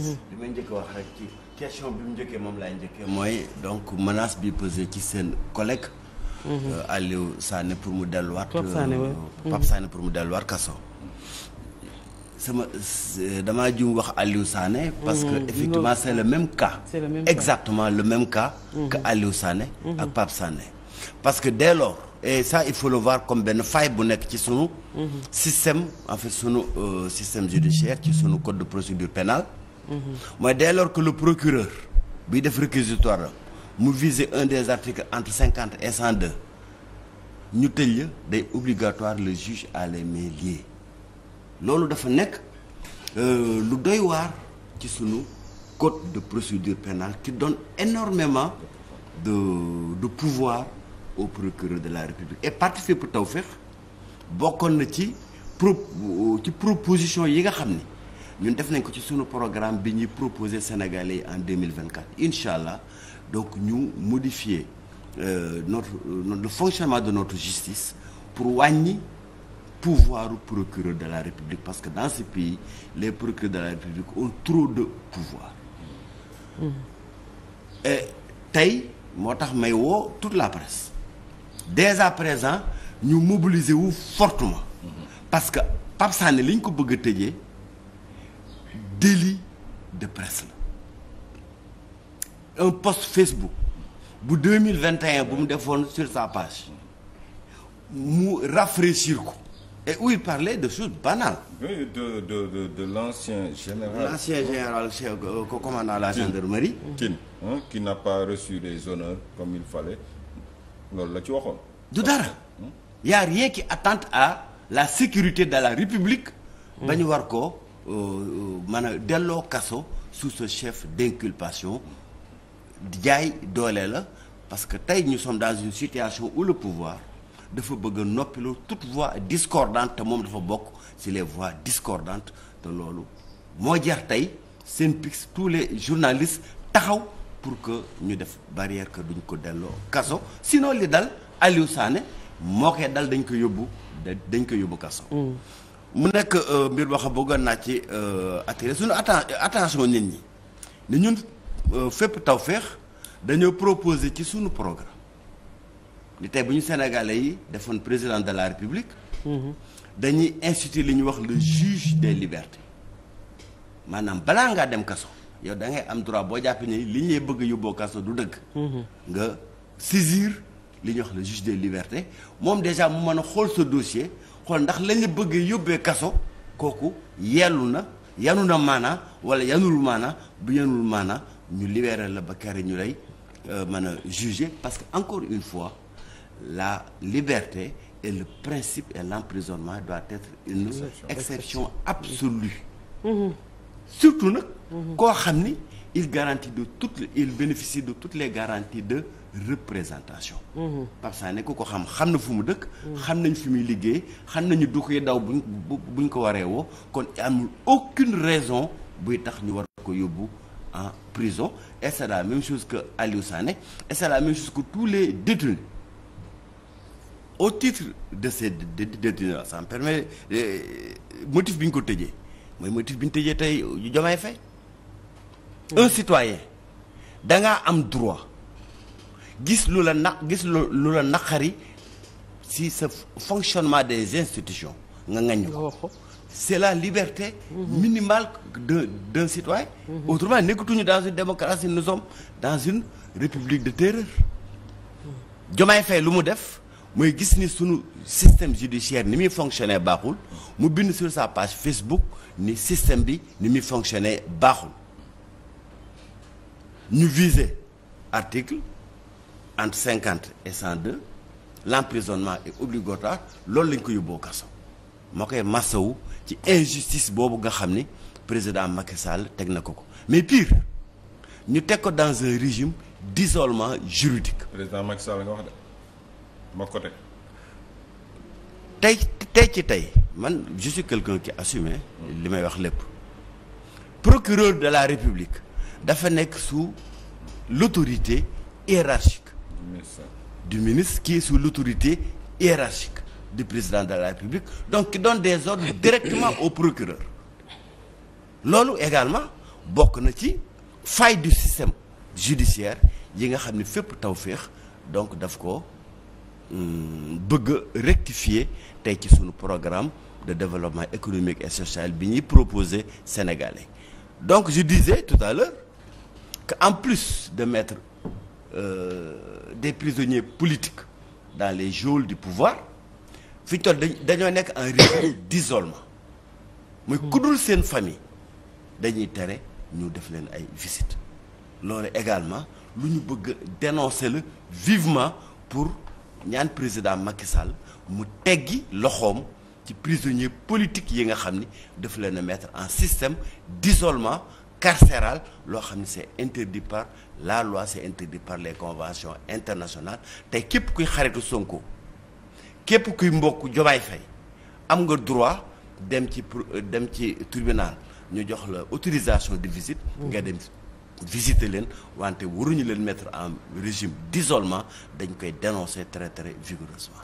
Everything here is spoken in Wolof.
li may njëkk wax rek ci question bi mu njëkkee moom laay njëkkee mooy donc menace bi pesé ci seen collègue. Euh, Aliou Sané pour mu delluwaat. Pape Sané euh, Pape pour mu delluwaat kaso. sama damaa jum wax Aliou Sané. parce que mm-hmm. effectivement c' est le même cas. le même cas exactement le même cas. Mm-hmm. que Aliou Sané. Mm-hmm. ak Pape Sané. parce que dès lors et ça il faut le comme benn faille bu nekk ci sunu. système en fait sunu euh, système judiciaire ci sunu code de procédure pénale. mooy dès lors que le procureur bi def réquisitoire mu viser un des articles entre cinquante et ñu tëj la day obligatoire le juge à les mains liées loolu dafa nekk euh, lu doy waar ci sunu code de procédure pénale qui donne énormément de de pouvoir au procureur de la République et participe Tawfekh bokkoon na ci ci proposition yi nga xam ni ñun def nañ ko ci suñu programme bi ñuy proposé Sénégalais yi en 2024 incha allah donc ñu modifier euh, notre euh, le fonctionnement de notre justice pour wàññi pouvoir procureur de la République parce que dans ce pays les procureurs de la République ont trop de pouvoir mm-hmm. tey moo tax may woo toute la presse dès à présent ñu mobiliser wu fortement mm-hmm. parce que Pape Sané li ñu ko bëgg a tëjee délit de presse la un post Facebook bu deux mille vingt et bu mu defoon sur sa page mu rafraîchir ko et ou il parlait de choses banales. de de de de l'ancien général. l'ancien chef euh, commandant la gendarmerie. Tine qui n'a pas reçu les honneurs comme il fallait loolu la ci waxoon. du dara y rien qui attente à la sécurité de la République. ba ñu war ko. Euh, euh, man a delloo kaso sous ce chef d'inculpation jaay doole la parce que tey ñu sommes dans une situation où le pouvoir dafa bëgg a noppiloo toute voix discordante te moom dafa bokk ci les voix discordantes te loolu moo jar tey seen pix tous les journalistes taxaw pour que ñu def barrière ko duñ ko delloo kaso sinon li dal Aliou Sané moo koy dal dañ ko yóbbu dañ ko yóbbu kaso mm. mu nekk euh, mbir boo xam bëggoon naa ci euh, attiré suñu attention nit ñi ne ñun euh, fépp Tawfekh dañoo proposé ci sunu programme ni tey bu ñu sénégalais yi defoon président de la république mhm. dañuy instituer li ñuy wax le juge des libertés maanaam balaa ngaa dem kaso yow da ngay am droit boo jàppee ni li ñuy bëgg yóbboo kaso du dëgg mhm. nga saisir li ñuy wax le juge des libertés moom déjà mu mën a xool sa dossier xool ndax la nga yóbbee kaso kooku yellu na yanu na maanaa wala yanul maanaa bu yanul maanaa ñu libéré la ba kere ñu lay euh, mën a juger parce que encore une fois la liberté et le principe et l'emprisonnement doit être une exception absolue mmh surtout nag mmh koo xam ni il garantit de toutes il bénéficie de toutes les garanties de représentation. Mhm. par Sané ku ko xam xam na fu mu dëkk. Mhm. xam nañ fi muy liggéey xam nañu du daw buñ buñ ko waree woo kon amul aucune raison buy tax ñu war ko yóbbu en prison et c'est la même chose que Aliou Sané et c'est la tous les détenus au titre de ces détenus là ça me permet euh, motif bi ñu ko tëjee mooy motif bi ñu tëjee tey Diomaye Faye un citoyen dangaa am droit gis lu la na gis lu la naqari si sa fonctionnement des institutions nga ngañ ko c'est la liberté mhm. minimale de d'un citoyen mhm. autrement nekkatuñu dans une démocratie nous sommes dans une république de terreur mhm. Diomaye Faye lu mu def mooy gis ni sunu système judiciaire ni muy fonctionner baaxul mu bind sur sa page Facebook ni système bi ni muy fonctionner baaxul ñu viser article entre cinquante et cent deux l'emprisonnement est obligatoire loolu lañ ko yóbboo kaso moo koy massawu ci injustice boobu nga xam ni président Macky Sall teg na ko ko mais pire ñu teg ko dans un régime d'isolement juridique. président Macky Sall nga wax de moo ko teg. tey tey ci tey man je suis quelqu'un qui assume li may wax lépp procureur de la République. dafa nekk su l'autorité hiérarchique du ministre qui est l'autorité hiérarchique du président de la République donc qui donne des ordres directement au procureur loolu également bokk na ci faille du système judiciaire yi nga xam ne fépp taw féex donc daf ko bëgg rectifier tey ci sunu programme de développement économique et sociale bi ñuy proposé sénégalais donc je disais tout à l'heure en plus de mettre euh, des prisonniers politiques dans les geôles du pouvoir fi ñu dañ dañoo nekk en régime d'isolement muy kudul seen famille dañuy tere ñu def leen ay visite loolu également lu ñu bëgg dénoncer la vivement pour ñaan président Macky mu teggi loxoom ci prisonniers politiques yi nga xam ni daf leen a mettre en système d'isolement carcérale loo xam ne c'est interdit par la loi c'est interdit par les conventions internationale te képp kuy xaritu Sonko képp kuy mbokk Diomaye Faye am nga droit dem ci euh, dem ci tribunal ñu jox la autorisation de visite mmh. nga dem visiter leen wante waruñu leen mettre en régime d'isolement dañ koy dénoncer très très vigoureusement